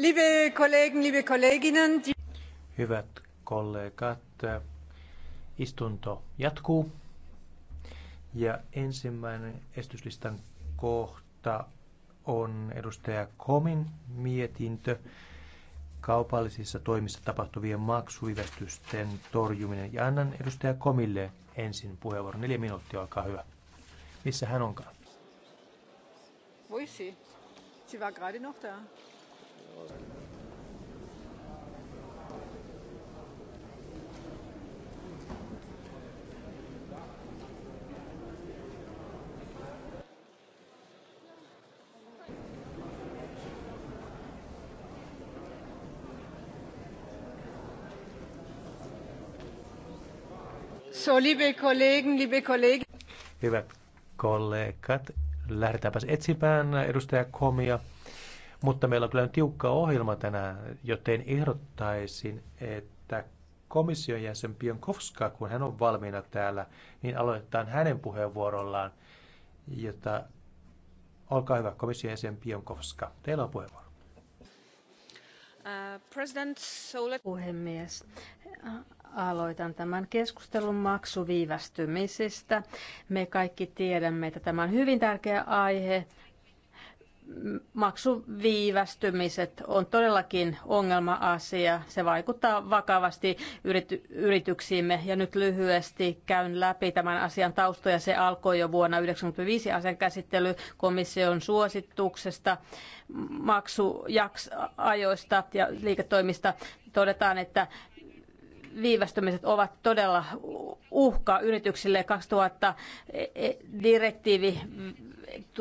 Liebe Kollegen, liebe Kolleginnen, die... Hyvät kollegat, istunto jatkuu. Ja ensimmäinen esityslistan kohta on edustaja Komin mietintö kaupallisissa toimissa tapahtuvien maksuivästysten torjuminen. Ja annan edustaja Komille ensin puheenvuoron. Neljä minuuttia, olkaa hyvä. Missä hän onkaan? Voisi. Sie war gerade noch da. So, liebe Kollegen, liebe Kollegen. Hyvät kollegat, lähdetäänpäs etsimään edustaja Komia. Mutta meillä on kyllä tiukka ohjelma tänään, joten ehdottaisin, että komission jäsen Pionkovska, kun hän on valmiina täällä, niin aloitetaan hänen puheenvuorollaan, jota olkaa hyvä, komission jäsen Pionkovska. Teillä on puheenvuoro. Uh, President, Puhemies, aloitan tämän keskustelun maksuviivästymisestä. Me kaikki tiedämme, että tämä on hyvin tärkeä aihe maksuviivästymiset on todellakin ongelma-asia. Se vaikuttaa vakavasti yrity- yrityksiimme ja nyt lyhyesti käyn läpi tämän asian taustoja. Se alkoi jo vuonna 1995 asian käsittely komission suosituksesta maksujaksajoista ja liiketoimista. Todetaan, että viivästymiset ovat todella uhka yrityksille. 2000 e, e, direktiivi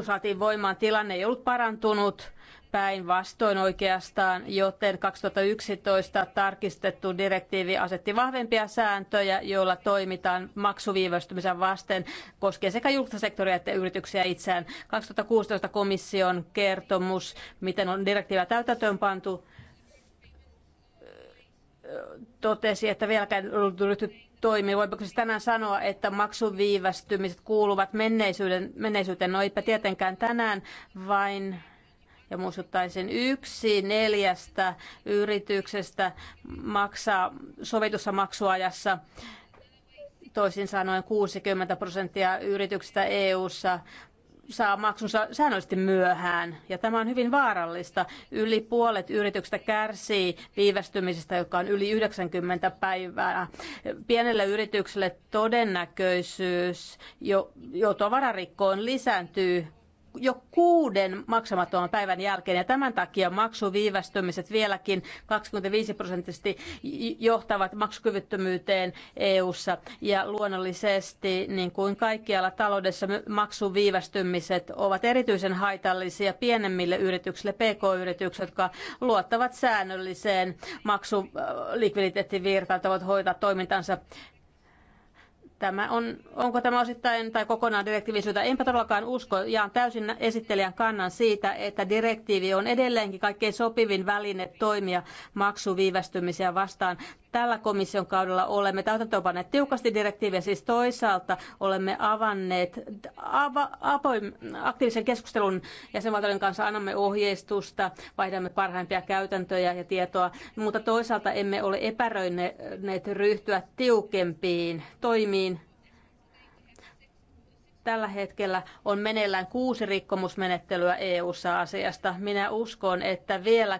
saatiin voimaan, tilanne ei ollut parantunut päinvastoin oikeastaan, joten 2011 tarkistettu direktiivi asetti vahvempia sääntöjä, joilla toimitaan maksuviivästymisen vasten koskien sekä julkista sektoria että yrityksiä itseään. 2016 komission kertomus, miten on direktiivä täytäntöön pantu, totesi, että vieläkään ei ollut ryhty toimii. Voimmeko siis tänään sanoa, että maksuviivästymiset kuuluvat menneisyyden, menneisyyteen? No eipä tietenkään tänään, vain ja muistuttaisin, yksi neljästä yrityksestä maksaa sovitussa maksuajassa toisin sanoen 60 prosenttia yrityksistä EU-ssa saa maksunsa säännöllisesti myöhään, ja tämä on hyvin vaarallista. Yli puolet yrityksistä kärsii viivästymisestä, joka on yli 90 päivää. Pienelle yritykselle todennäköisyys jo, joutua vararikkoon lisääntyy jo kuuden maksamattoman päivän jälkeen. Ja tämän takia maksuviivästymiset vieläkin 25 prosenttisesti johtavat maksukyvyttömyyteen EU:ssa ja luonnollisesti, niin kuin kaikkialla taloudessa, maksuviivästymiset ovat erityisen haitallisia pienemmille yrityksille, pk-yrityksille, jotka luottavat säännölliseen maksulikviditeettivirtaan, äh, että voivat hoitaa toimintansa Tämä on, onko tämä osittain tai kokonaan direktiivisyyttä? Enpä todellakaan usko. Jaan täysin esittelijän kannan siitä, että direktiivi on edelleenkin kaikkein sopivin väline toimia maksuviivästymisiä vastaan tällä komission kaudella olemme täytäntöönpanneet tiukasti direktiiviä, siis toisaalta olemme avanneet ava, apoim, aktiivisen keskustelun jäsenvaltioiden kanssa, annamme ohjeistusta, vaihdamme parhaimpia käytäntöjä ja tietoa, mutta toisaalta emme ole epäröineet ryhtyä tiukempiin toimiin tällä hetkellä on meneillään kuusi rikkomusmenettelyä EU-ssa asiasta. Minä uskon, että vielä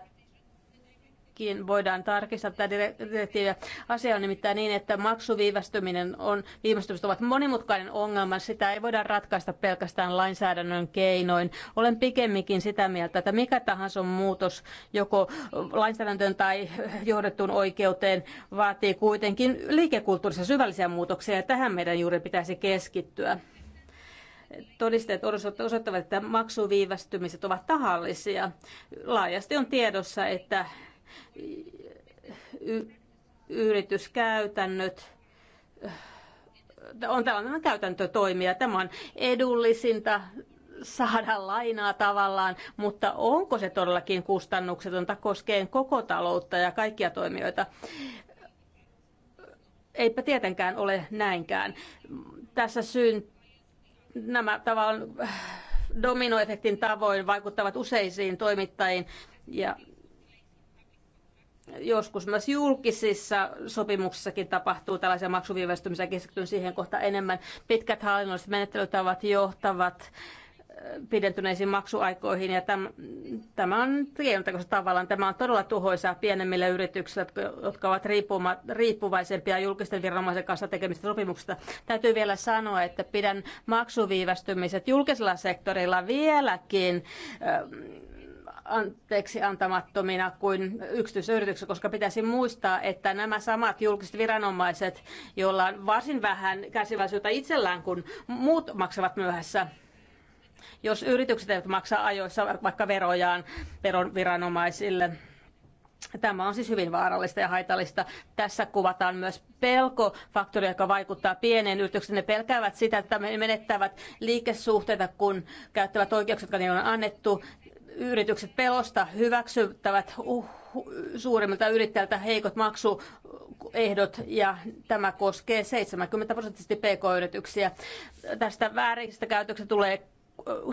todellakin voidaan tarkistaa tämä direktiivi. Asia on nimittäin niin, että maksuviivästyminen on, viivästymiset ovat monimutkainen ongelma. Sitä ei voida ratkaista pelkästään lainsäädännön keinoin. Olen pikemminkin sitä mieltä, että mikä tahansa muutos joko lainsäädäntöön tai johdettuun oikeuteen vaatii kuitenkin liikekulttuurissa syvällisiä muutoksia ja tähän meidän juuri pitäisi keskittyä todisteet osoittavat, että maksuviivästymiset ovat tahallisia. Laajasti on tiedossa, että y- yrityskäytännöt. Äh, on tällainen käytäntötoimija. Tämä on edullisinta saada lainaa tavallaan, mutta onko se todellakin kustannuksetonta koskeen koko taloutta ja kaikkia toimijoita? Eipä tietenkään ole näinkään. Tässä syyn nämä tavallaan äh, dominoefektin tavoin vaikuttavat useisiin toimittajiin ja joskus myös julkisissa sopimuksissakin tapahtuu tällaisia maksuviivästymisiä, keskityn siihen kohta enemmän. Pitkät hallinnolliset menettelytavat johtavat äh, pidentyneisiin maksuaikoihin ja täm, tämä on keinotekoista tavallaan. Tämä on todella tuhoisaa pienemmille yrityksille, jotka ovat riippuma, riippuvaisempia julkisten viranomaisen kanssa tekemistä sopimuksista. Täytyy vielä sanoa, että pidän maksuviivästymiset julkisella sektorilla vieläkin äh, anteeksi antamattomina kuin yksityisyrityksiä, koska pitäisi muistaa, että nämä samat julkiset viranomaiset, joilla on varsin vähän kärsivällisyyttä itsellään, kun muut maksavat myöhässä, jos yritykset eivät maksa ajoissa vaikka verojaan viranomaisille, Tämä on siis hyvin vaarallista ja haitallista. Tässä kuvataan myös pelkofaktori, joka vaikuttaa pieneen yritykseen. Ne pelkäävät sitä, että menettävät liikesuhteita, kun käyttävät oikeuksia, jotka niille on annettu yritykset pelosta hyväksyttävät uh, suurimmilta yrittäjiltä heikot maksuehdot ja tämä koskee 70 prosenttisesti pk-yrityksiä. Tästä vääristä käytöksestä tulee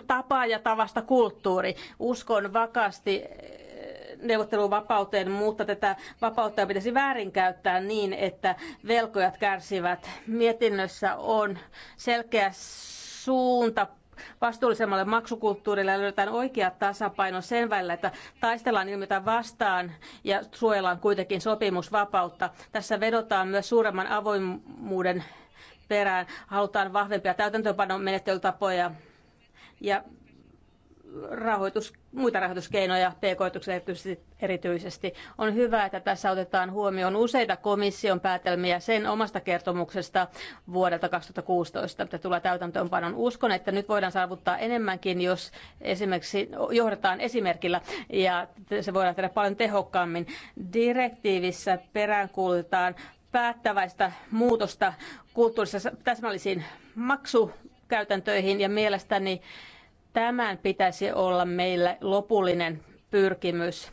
tapa ja tavasta kulttuuri. Uskon vakaasti eh, neuvotteluvapauteen, mutta tätä vapautta pitäisi väärinkäyttää niin, että velkojat kärsivät. Mietinnössä on selkeä suunta vastuullisemmalle maksukulttuurille ja löydetään oikea tasapaino sen välillä, että taistellaan ilmiötä vastaan ja suojellaan kuitenkin sopimusvapautta. Tässä vedotaan myös suuremman avoimuuden perään. Halutaan vahvempia täytäntöönpanon menettelytapoja ja rahoitus muita rahoituskeinoja pk erityisesti, erityisesti. On hyvä, että tässä otetaan huomioon useita komission päätelmiä sen omasta kertomuksesta vuodelta 2016, mitä tulee täytäntöönpanon. Uskon, että nyt voidaan saavuttaa enemmänkin, jos esimerkiksi johdetaan esimerkillä ja se voidaan tehdä paljon tehokkaammin. Direktiivissä peräänkuulutetaan päättäväistä muutosta kulttuurissa täsmällisiin maksukäytäntöihin ja mielestäni Tämän pitäisi olla meille lopullinen pyrkimys.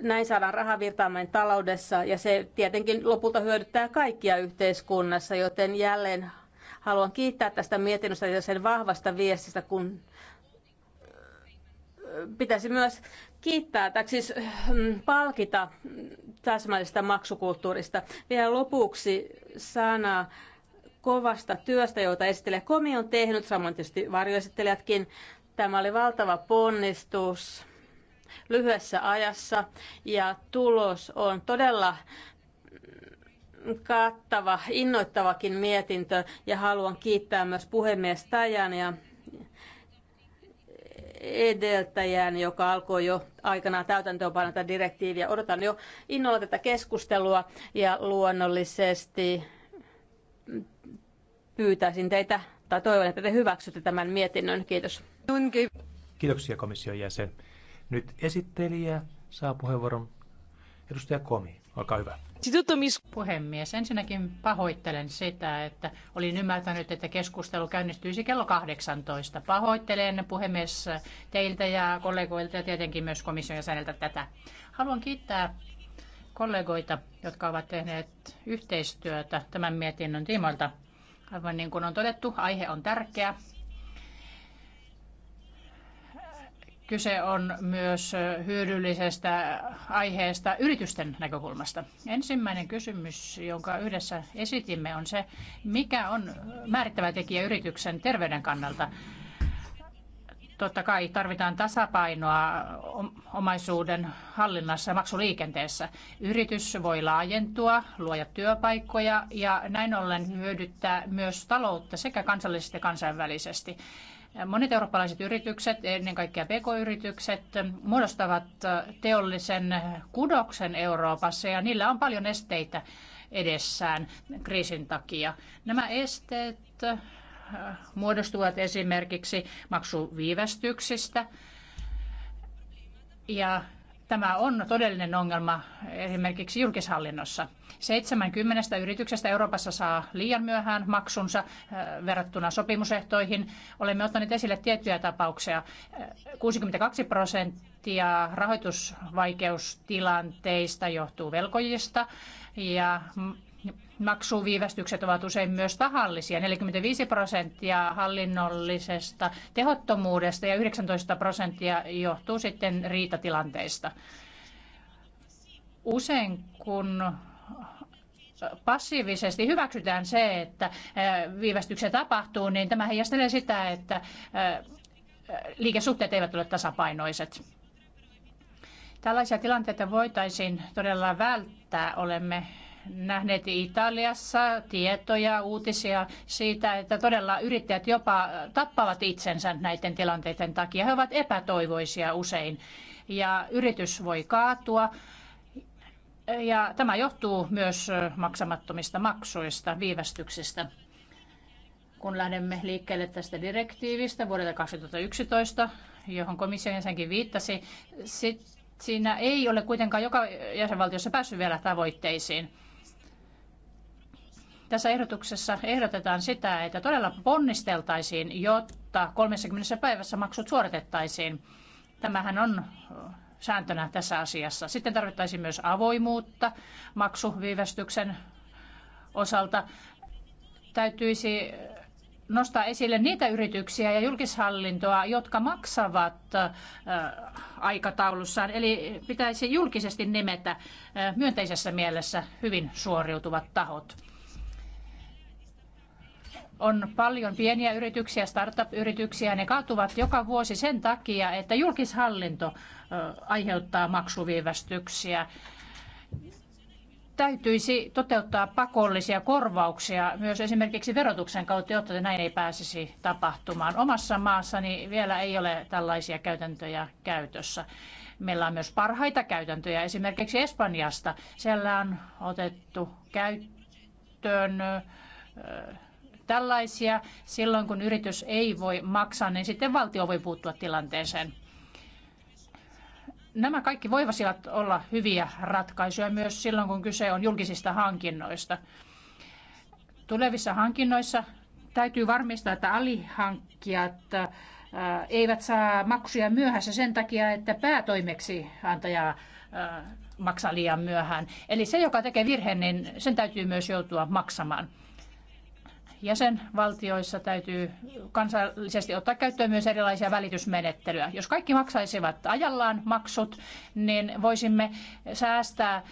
Näin saadaan rahavirtaamaan taloudessa ja se tietenkin lopulta hyödyttää kaikkia yhteiskunnassa, joten jälleen haluan kiittää tästä mietinnöstä ja sen vahvasta viestistä, kun äh, pitäisi myös kiittää tai siis äh, palkita täsmällisestä maksukulttuurista. Vielä lopuksi sana kovasta työstä, jota esittelijä Komi on tehnyt, samoin tietysti varjoesittelijätkin. Tämä oli valtava ponnistus lyhyessä ajassa ja tulos on todella kattava, innoittavakin mietintö ja haluan kiittää myös puhemies Tajan ja edeltäjään, joka alkoi jo aikanaan täytäntöönpanna tätä direktiiviä. Odotan jo innolla tätä keskustelua ja luonnollisesti pyytäisin teitä tai toivon, että te hyväksytte tämän mietinnön. Kiitos. Kiitoksia komission jäsen. Nyt esittelijä saa puheenvuoron. Edustaja Komi, olkaa hyvä. Puhemies, ensinnäkin pahoittelen sitä, että olin ymmärtänyt, että keskustelu käynnistyisi kello 18. Pahoittelen puhemies teiltä ja kollegoilta ja tietenkin myös komission jäseneltä tätä. Haluan kiittää kollegoita, jotka ovat tehneet yhteistyötä tämän mietinnön tiimoilta. Aivan niin kuin on todettu, aihe on tärkeä. Kyse on myös hyödyllisestä aiheesta yritysten näkökulmasta. Ensimmäinen kysymys, jonka yhdessä esitimme, on se, mikä on määrittävä tekijä yrityksen terveyden kannalta. Totta kai tarvitaan tasapainoa omaisuuden hallinnassa ja maksuliikenteessä. Yritys voi laajentua, luoda työpaikkoja ja näin ollen hyödyttää myös taloutta sekä kansallisesti että kansainvälisesti. Monet eurooppalaiset yritykset, ennen kaikkea pk-yritykset, muodostavat teollisen kudoksen Euroopassa ja niillä on paljon esteitä edessään kriisin takia. Nämä esteet muodostuvat esimerkiksi maksuviivästyksistä. Ja tämä on todellinen ongelma esimerkiksi julkishallinnossa. 70 yrityksestä Euroopassa saa liian myöhään maksunsa äh, verrattuna sopimusehtoihin. Olemme ottaneet esille tiettyjä tapauksia. 62 äh, prosenttia rahoitusvaikeustilanteista johtuu velkojista ja maksuviivästykset ovat usein myös tahallisia. 45 prosenttia hallinnollisesta tehottomuudesta ja 19 prosenttia johtuu sitten riitatilanteista. Usein kun passiivisesti hyväksytään se, että viivästyksiä tapahtuu, niin tämä heijastelee sitä, että liikesuhteet eivät ole tasapainoiset. Tällaisia tilanteita voitaisiin todella välttää. Olemme nähneet Italiassa tietoja, uutisia siitä, että todella yrittäjät jopa tappavat itsensä näiden tilanteiden takia. He ovat epätoivoisia usein ja yritys voi kaatua. Ja tämä johtuu myös maksamattomista maksuista, viivästyksistä. Kun lähdemme liikkeelle tästä direktiivistä vuodelta 2011, johon komission jäsenkin viittasi, sit siinä ei ole kuitenkaan joka jäsenvaltiossa päässyt vielä tavoitteisiin. Tässä ehdotuksessa ehdotetaan sitä, että todella ponnisteltaisiin, jotta 30 päivässä maksut suoritettaisiin. Tämähän on sääntönä tässä asiassa. Sitten tarvittaisiin myös avoimuutta maksuviivästyksen osalta. Täytyisi nostaa esille niitä yrityksiä ja julkishallintoa, jotka maksavat aikataulussaan. Eli pitäisi julkisesti nimetä myönteisessä mielessä hyvin suoriutuvat tahot on paljon pieniä yrityksiä, startup-yrityksiä, ne kaatuvat joka vuosi sen takia, että julkishallinto aiheuttaa maksuviivästyksiä. Täytyisi toteuttaa pakollisia korvauksia myös esimerkiksi verotuksen kautta, jotta näin ei pääsisi tapahtumaan. Omassa maassani vielä ei ole tällaisia käytäntöjä käytössä. Meillä on myös parhaita käytäntöjä esimerkiksi Espanjasta. Siellä on otettu käyttöön tällaisia. Silloin kun yritys ei voi maksaa, niin sitten valtio voi puuttua tilanteeseen. Nämä kaikki voivasivat olla hyviä ratkaisuja myös silloin, kun kyse on julkisista hankinnoista. Tulevissa hankinnoissa täytyy varmistaa, että alihankkijat äh, eivät saa maksuja myöhässä sen takia, että päätoimeksi antaja äh, maksaa liian myöhään. Eli se, joka tekee virheen, niin sen täytyy myös joutua maksamaan jäsenvaltioissa täytyy kansallisesti ottaa käyttöön myös erilaisia välitysmenettelyjä. Jos kaikki maksaisivat ajallaan maksut, niin voisimme säästää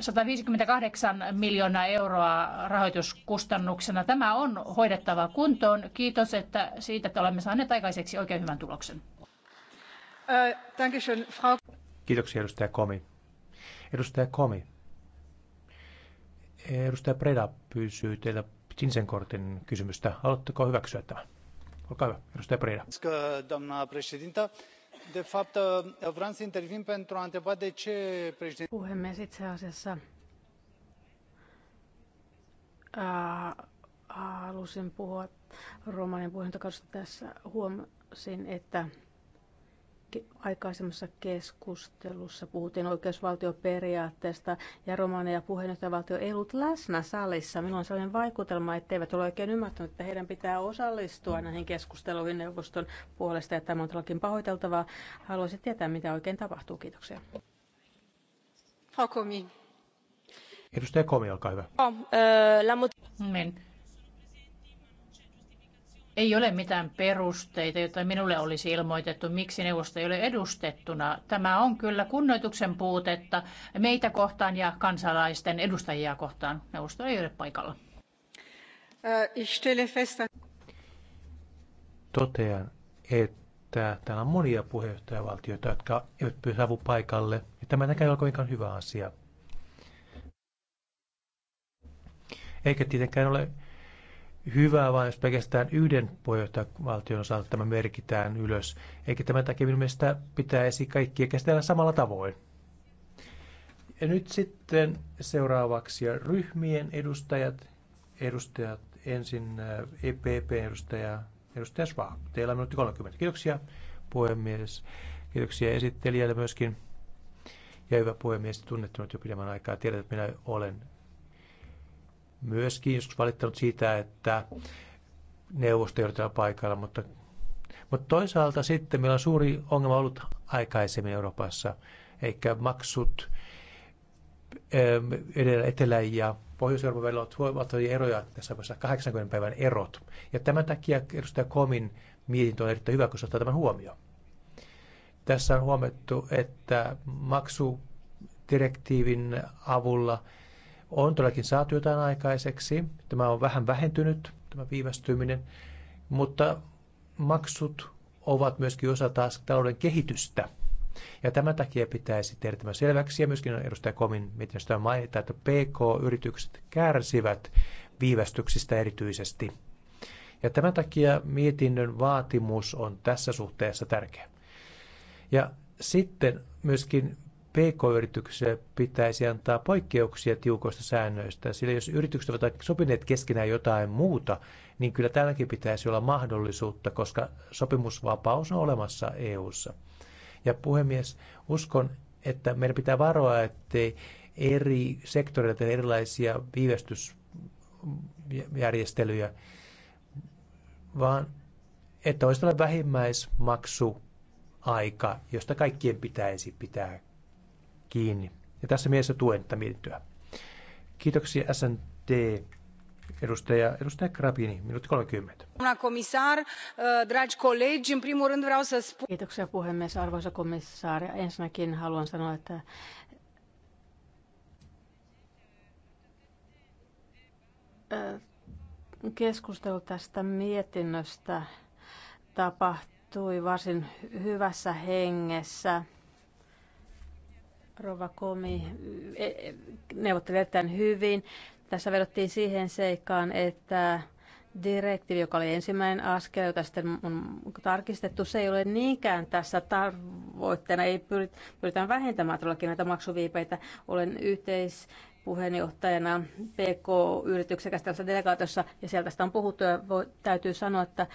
158 miljoonaa euroa rahoituskustannuksena. Tämä on hoidettava kuntoon. Kiitos että siitä, että olemme saaneet aikaiseksi oikein hyvän tuloksen. Kiitoksia edustaja Komi. Edustaja Komi. Edustaja Preda pysyy teiltä sinisen kortin kysymystä. Haluatteko hyväksyä tämän? Olkaa hyvä, edustaja Preda. Doamna președintă, de fapt vreau să intervin pentru a întreba de ce președinte... Puhemies, itse asiassa halusin puhua romanin puheenjohtajakaudesta tässä. Huomasin, että aikaisemmassa keskustelussa puhuttiin oikeusvaltioperiaatteesta ja romaneja ja puheenjohtajavaltio ei ollut läsnä salissa. Minulla on sellainen vaikutelma, etteivät ole oikein ymmärtäneet, että heidän pitää osallistua näihin keskusteluihin neuvoston puolesta ja tämä on todellakin pahoiteltavaa. Haluaisin tietää, mitä oikein tapahtuu. Kiitoksia. Hakomi. Edustaja Komi, olkaa hyvä. Oh, uh, la... Niin. Ei ole mitään perusteita, joita minulle olisi ilmoitettu, miksi neuvosto ei ole edustettuna. Tämä on kyllä kunnoituksen puutetta meitä kohtaan ja kansalaisten edustajia kohtaan. Neuvosto ei ole paikalla. Äh, Totean, että täällä on monia puheenjohtajavaltioita, jotka eivät avun paikalle. Ja tämä näkään ole kovinkaan hyvä asia. Eikä tietenkään ole hyvää, vaan jos pelkästään yhden puheenjohtajavaltion osalta tämä merkitään ylös. Eikä tämän takia minun mielestä pitäisi kaikkia käsitellä samalla tavoin. Ja nyt sitten seuraavaksi ryhmien edustajat. Edustajat ensin äh, EPP-edustaja edustaja Schwab. Teillä on minuutti 30. Kiitoksia puhemies. Kiitoksia esittelijälle myöskin. Ja hyvä puhemies, tunnettu jo pidemmän aikaa. Tiedät, että minä olen myöskin joskus valittanut siitä, että neuvosto joudutaan paikalla, mutta, mutta toisaalta sitten meillä on suuri ongelma ollut aikaisemmin Euroopassa, eikä maksut ähm, edellä, Etelä- ja Pohjois-Euroopan välillä ovat huomattavia eroja, tässä on 80 päivän erot. Ja tämän takia edustaja Komin mietintö on erittäin hyvä, kun se ottaa tämän huomioon. Tässä on huomattu, että maksudirektiivin avulla – on todellakin saatu jotain aikaiseksi. Tämä on vähän vähentynyt, tämä viivästyminen, mutta maksut ovat myöskin osa taas talouden kehitystä. Ja tämän takia pitäisi tehdä tämä selväksi, ja myöskin edustaja Komin mietinnöstä mainita, että PK-yritykset kärsivät viivästyksistä erityisesti. Ja tämän takia mietinnön vaatimus on tässä suhteessa tärkeä. Ja sitten myöskin PK-yrityksille pitäisi antaa poikkeuksia tiukoista säännöistä, sillä jos yritykset ovat sopineet keskenään jotain muuta, niin kyllä tälläkin pitäisi olla mahdollisuutta, koska sopimusvapaus on olemassa EU:ssa. Ja puhemies, uskon, että meidän pitää varoa, ettei eri sektoreilla tehdä erilaisia viivästysjärjestelyjä, vaan että olisi tällainen vähimmäismaksu aika, josta kaikkien pitäisi pitää kiinni. Ja tässä mielessä tuen tätä mietintöä. Kiitoksia SNT Edustaja, edustaja Krabini, minuutti 30. Doamna comisar, dragi colegi, în primul rând vreau să spun... Kiitoksia puhemies, arvoisa komissaari. Ensinnäkin haluan sanoa, että keskustelu tästä mietinnöstä tapahtui varsin hyvässä hengessä – Rova Komi e, e, neuvottelee tämän hyvin. Tässä vedottiin siihen seikkaan, että direktiivi, joka oli ensimmäinen askel, jota sitten on tarkistettu, se ei ole niinkään tässä tavoitteena, ei pyritä, pyritään vähentämään todellakin näitä maksuviipeitä. Olen yhteis puheenjohtajana PK-yrityksen käsittelyssä delegaatiossa, ja sieltä sitä on puhuttu, ja voi, täytyy sanoa, että äh,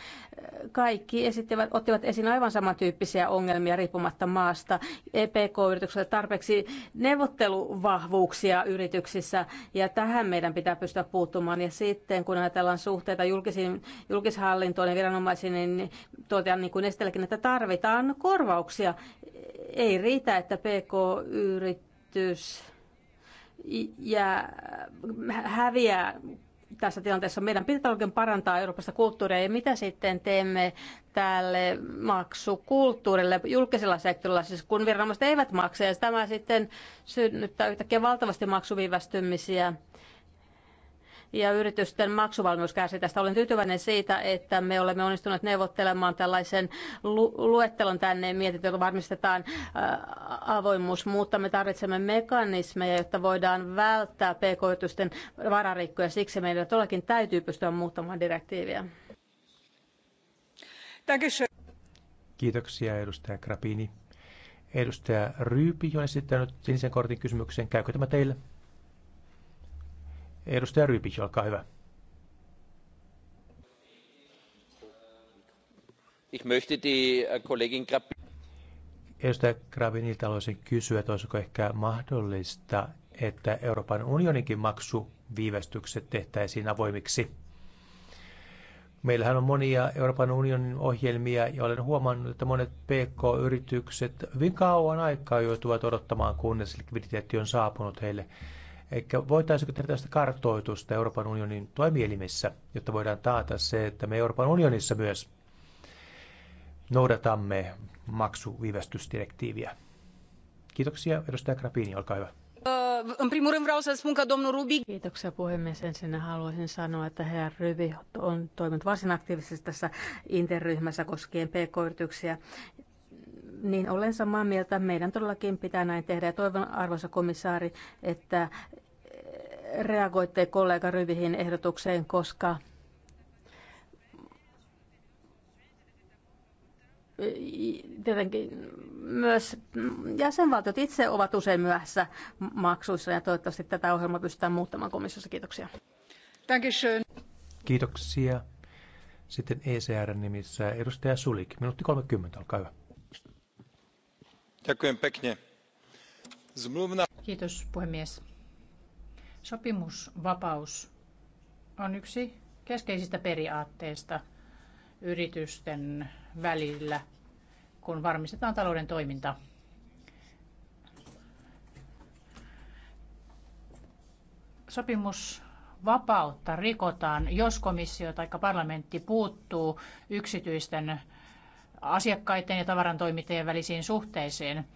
kaikki esittivät, ottivat esiin aivan samantyyppisiä ongelmia riippumatta maasta. E PK-yrityksellä tarpeeksi neuvotteluvahvuuksia yrityksissä, ja tähän meidän pitää pystyä puuttumaan. Ja sitten, kun ajatellaan suhteita julkisiin, julkishallintoon ja viranomaisiin, niin, niin totean niin kuin Estelläkin, että tarvitaan korvauksia. Ei riitä, että PK-yritys ja häviää tässä tilanteessa. Meidän pitää oikein parantaa Euroopasta kulttuuria ja mitä sitten teemme tälle maksukulttuurille julkisella sektorilla, siis kun viranomaiset eivät maksa ja tämä sitten synnyttää yhtäkkiä valtavasti maksuviivästymisiä ja yritysten maksuvalmius tästä. Olen tyytyväinen siitä, että me olemme onnistuneet neuvottelemaan tällaisen lu- luettelon tänne mietintö, jolla varmistetaan avoimuus, mutta me tarvitsemme mekanismeja, jotta voidaan välttää pk-yritysten vararikkoja. Siksi meidän todellakin täytyy pystyä muuttamaan direktiiviä. Kiitoksia edustaja Krapini. Edustaja Ryypi on esittänyt sinisen kortin kysymyksen. Käykö tämä teille? Edustaja Rybic, olkaa hyvä. Ich möchte die äh, Kollegin edustaja Gravinilta haluaisin kysyä, että olisiko ehkä mahdollista, että Euroopan unioninkin maksuviivästykset tehtäisiin avoimiksi. Meillähän on monia Euroopan unionin ohjelmia ja olen huomannut, että monet PK-yritykset hyvin kauan aikaa joutuvat odottamaan, kunnes likviditeetti on saapunut heille. Eikä voitaisiinko tehdä tästä kartoitusta Euroopan unionin toimielimissä, jotta voidaan taata se, että me Euroopan unionissa myös noudatamme maksuviivästysdirektiiviä. Kiitoksia. Edustaja Krapini, olkaa hyvä. Kiitoksia puhemies. Ensin haluaisin sanoa, että herra Ryvi on toiminut varsin aktiivisesti tässä interryhmässä koskien pk-yrityksiä niin olen samaa mieltä. Meidän todellakin pitää näin tehdä. Ja toivon, arvoisa komissaari, että eh, reagoitte kollega Ryvihin ehdotukseen, koska eh, tietenkin myös jäsenvaltiot itse ovat usein myöhässä maksuissa ja toivottavasti tätä ohjelmaa pystytään muuttamaan komissiossa. Kiitoksia. Kiitoksia. Sitten ECR nimissä edustaja Sulik, minuutti 30, olkaa hyvä. Kiitos puhemies. Sopimusvapaus on yksi keskeisistä periaatteista yritysten välillä, kun varmistetaan talouden toiminta. Sopimusvapautta rikotaan, jos komissio tai parlamentti puuttuu yksityisten asiakkaiden ja tavarantoimittajien välisiin suhteisiin.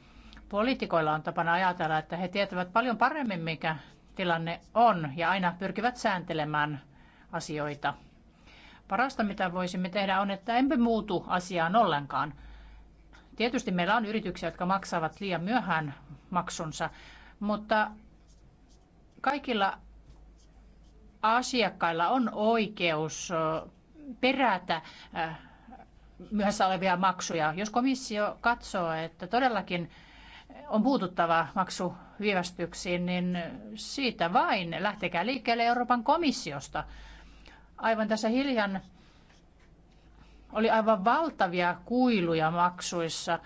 Poliitikoilla on tapana ajatella, että he tietävät paljon paremmin, mikä tilanne on, ja aina pyrkivät sääntelemään asioita. Parasta, mitä voisimme tehdä, on, että emme muutu asiaan ollenkaan. Tietysti meillä on yrityksiä, jotka maksavat liian myöhään maksunsa, mutta kaikilla asiakkailla on oikeus perätä myöhässä olevia maksuja. Jos komissio katsoo, että todellakin on puututtava maksuviivästyksiin, niin siitä vain lähtekää liikkeelle Euroopan komissiosta. Aivan tässä hiljan oli aivan valtavia kuiluja maksuissa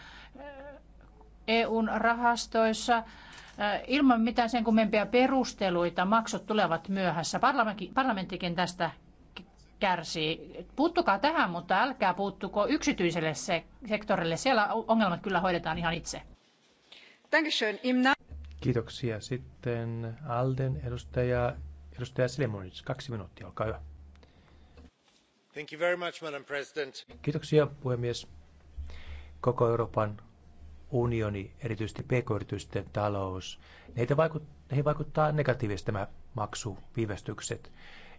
EUn rahastoissa. Ilman mitään sen kummempia perusteluita maksut tulevat myöhässä. Parlamenttikin tästä kärsii. Puuttukaa tähän, mutta älkää puuttuko yksityiselle se- sektorille. Siellä ongelmat kyllä hoidetaan ihan itse. Kiitoksia. Sitten Alden edustaja, edustaja Silemonic. Kaksi minuuttia, olkaa hyvä. Thank you very much, Madam President. Kiitoksia, puhemies. Koko Euroopan unioni, erityisesti pk-yritysten talous, heitä vaikuttaa, heihin vaikuttaa negatiivisesti tämä maksuviivästykset.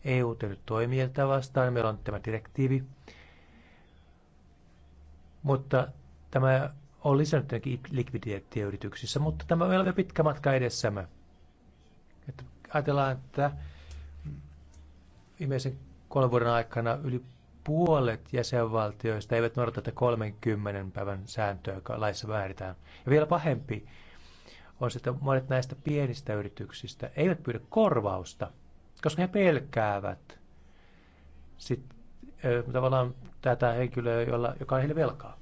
EU-toimijoilta vastaan. Meillä on tämä direktiivi. Mutta tämä on lisännyt likviditeettiä yrityksissä, mutta tämä on vielä pitkä matka edessämme. Että ajatellaan, että viimeisen kolmen vuoden aikana yli puolet jäsenvaltioista eivät noudata tätä 30 päivän sääntöä, joka laissa määritään. Ja vielä pahempi on se, että monet näistä pienistä yrityksistä eivät pyydä korvausta koska he pelkäävät sit, tavallaan tätä henkilöä, jolla, joka on heille velkaa.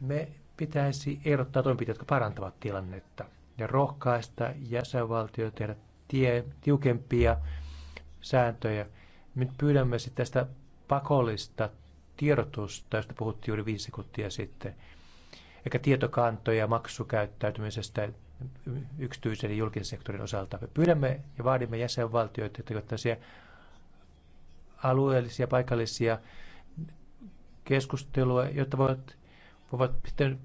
Me pitäisi ehdottaa toimenpiteitä, jotka parantavat tilannetta ja rohkaista jäsenvaltioita tehdä tie, tiukempia sääntöjä. Me pyydämme sitten tästä pakollista tiedotusta, josta puhuttiin juuri viisi sekuntia sitten, eikä tietokantoja maksukäyttäytymisestä yksityisen ja julkisen sektorin osalta. Me pyydämme ja vaadimme jäsenvaltioita, että siellä alueellisia, paikallisia keskustelua, jotta voivat, voivat sitten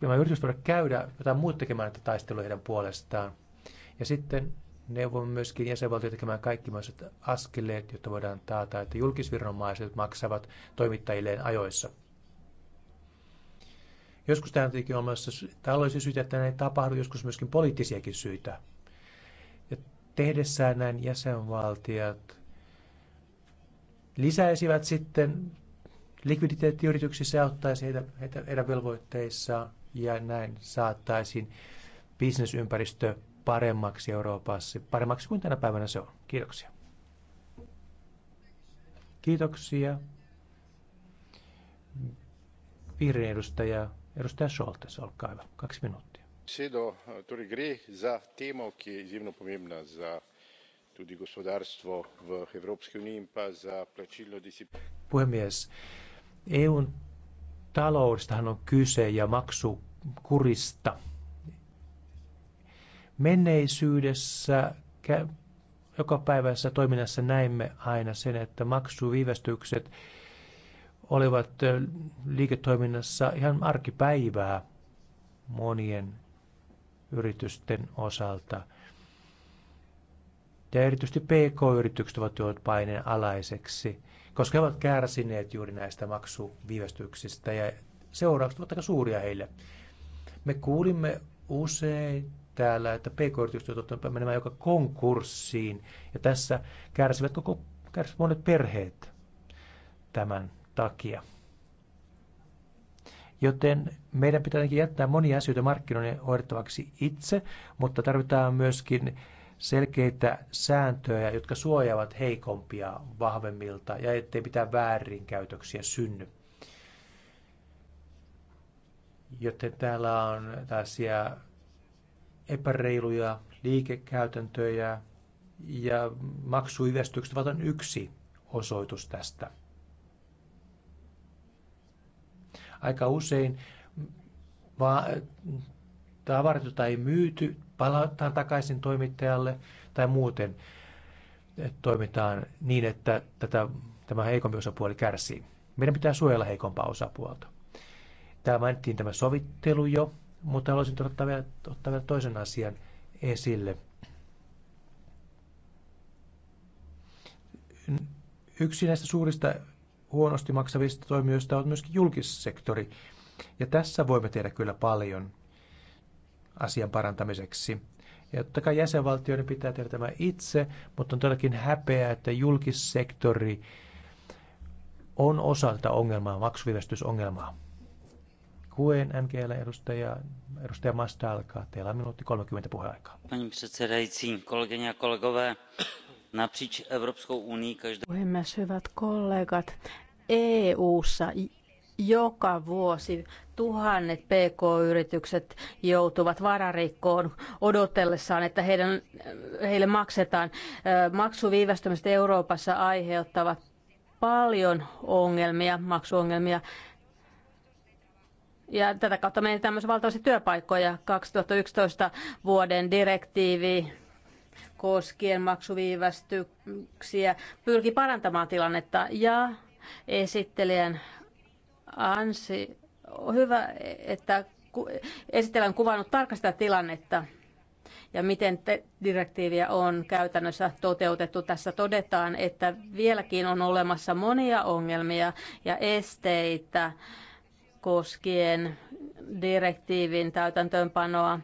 nämä yritykset voivat käydä jotain muuta tekemään näitä taisteluja heidän puolestaan. Ja sitten neuvomme myöskin jäsenvaltioita tekemään kaikki mahdolliset askeleet, jotta voidaan taata, että julkisviranomaiset maksavat toimittajilleen ajoissa. Joskus tämä tietenkin olemassa taloudellisia syitä, että näin tapahdu, joskus myöskin poliittisiakin syitä. Ja tehdessään näin jäsenvaltiot lisäisivät sitten likviditeettiyrityksissä auttaisi heitä, heitä heidän velvoitteissaan ja näin saattaisiin bisnesympäristö paremmaksi Euroopassa, paremmaksi kuin tänä päivänä se on. Kiitoksia. Kiitoksia. Vihreän edustaja Edustaja Scholtes, olkaa hyvä. Kaksi minuuttia. Sido, Torej Gri, za temo, ki je izjemno pomembna za tudi gospodarstvo v Evropski uniji pa za plačilno disciplino. Puhemies, EUn taloudestahan on kyse ja maksukurista. Menneisyydessä joka päivässä toiminnassa näimme aina sen, että maksuviivästykset olivat liiketoiminnassa ihan arkipäivää monien yritysten osalta. Ja erityisesti PK-yritykset ovat joutuneet paineen alaiseksi, koska he ovat kärsineet juuri näistä maksuviivästyksistä ja seuraukset ovat aika suuria heille. Me kuulimme usein täällä, että PK-yritykset ovat menemään joka konkurssiin ja tässä kärsivät koko kärsivät monet perheet tämän Joten meidän pitää jättää monia asioita markkinoiden hoidettavaksi itse, mutta tarvitaan myöskin selkeitä sääntöjä, jotka suojaavat heikompia vahvemmilta ja ettei pitää väärinkäytöksiä synny. Joten täällä on tällaisia epäreiluja liikekäytäntöjä ja maksuivästykset ovat yksi osoitus tästä. Aika usein tavarat, joita ei myyty, palataan takaisin toimittajalle tai muuten eh, toimitaan niin, että tätä, tämä heikompi osapuoli kärsii. Meidän pitää suojella heikompaa osapuolta. Täällä mainittiin tämä sovittelu jo, mutta haluaisin ottaa vielä, ottaa vielä toisen asian esille. Yksi näistä suurista huonosti maksavista toimijoista on myöskin julkissektori. Ja tässä voimme tehdä kyllä paljon asian parantamiseksi. Ja totta kai jäsenvaltioiden pitää tehdä tämä itse, mutta on todellakin häpeä, että julkissektori on osa tätä ongelmaa, maksuviivästysongelmaa. Kuen NGL edustaja, edustaja Masta alkaa. Teillä on minuutti 30 puheaikaa. Pani napříč Evropskou unii každá... Puhemies, hyvät kollegat, EU-ssa joka vuosi tuhannet PK-yritykset joutuvat vararikkoon odotellessaan, että heidän, heille maksetaan. Maksuviivästymiset Euroopassa aiheuttavat paljon ongelmia, maksuongelmia. Ja tätä kautta menetetään myös valtavasti työpaikkoja. 2011 vuoden direktiivi koskien maksuviivästyksiä pyrki parantamaan tilannetta ja esittelijän ansi on hyvä, että esittelijän kuvannut tarkastaa tilannetta ja miten te- direktiiviä on käytännössä toteutettu. Tässä todetaan, että vieläkin on olemassa monia ongelmia ja esteitä koskien direktiivin täytäntöönpanoa.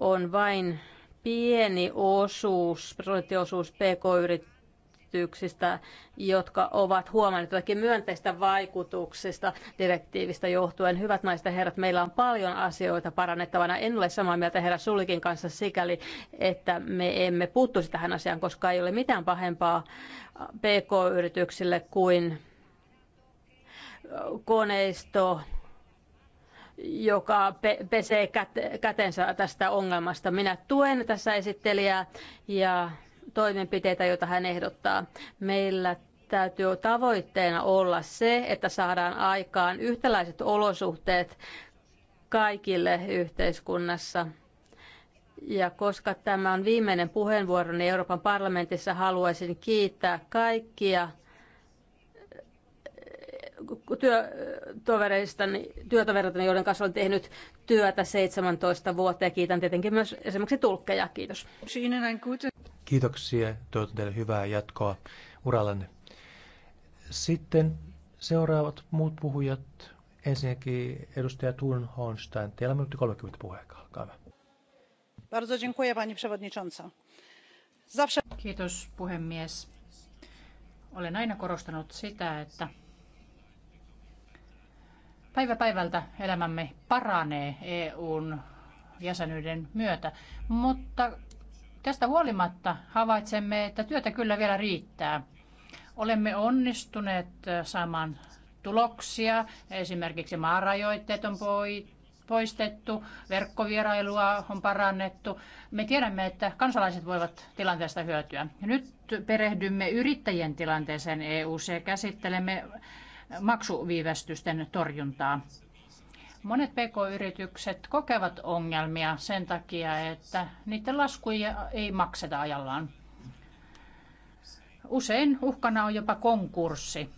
On vain pieni osuus, prosenttiosuus pk-yrityksistä, jotka ovat huomanneet jotakin myönteistä vaikutuksista direktiivistä johtuen. Hyvät naiset ja herrat, meillä on paljon asioita parannettavana. En ole samaa mieltä herra Sulikin kanssa sikäli, että me emme puuttuisi tähän asiaan, koska ei ole mitään pahempaa pk-yrityksille kuin koneisto, joka pe- pesee kät- kätensä tästä ongelmasta. Minä tuen tässä esittelijää ja toimenpiteitä, joita hän ehdottaa. Meillä täytyy tavoitteena olla se, että saadaan aikaan yhtäläiset olosuhteet kaikille yhteiskunnassa. Ja koska tämä on viimeinen puheenvuoro niin Euroopan parlamentissa, haluaisin kiittää kaikkia Äh, niin työtovereistani, niin joiden kanssa olen tehnyt työtä 17 vuotta ja kiitän tietenkin myös esimerkiksi tulkkeja. Kiitos. Kiitoksia. Toivotan teille hyvää jatkoa urallanne. Sitten seuraavat muut puhujat. Ensinnäkin edustaja Thun Hornstein. Teillä on minuutti 30 puheen. Alkaa. Bardzo dziękuję, pani przewodnicząca. Zawsze... Kiitos puhemies. Olen aina korostanut sitä, että Päivä päivältä elämämme paranee EUn jäsenyyden myötä, mutta tästä huolimatta havaitsemme, että työtä kyllä vielä riittää. Olemme onnistuneet saamaan tuloksia, esimerkiksi maarajoitteet on poistettu, verkkovierailua on parannettu. Me tiedämme, että kansalaiset voivat tilanteesta hyötyä. Nyt perehdymme yrittäjien tilanteeseen EU-ssa ja käsittelemme maksuviivästysten torjuntaa. Monet pk-yritykset kokevat ongelmia sen takia, että niiden laskuja ei makseta ajallaan. Usein uhkana on jopa konkurssi.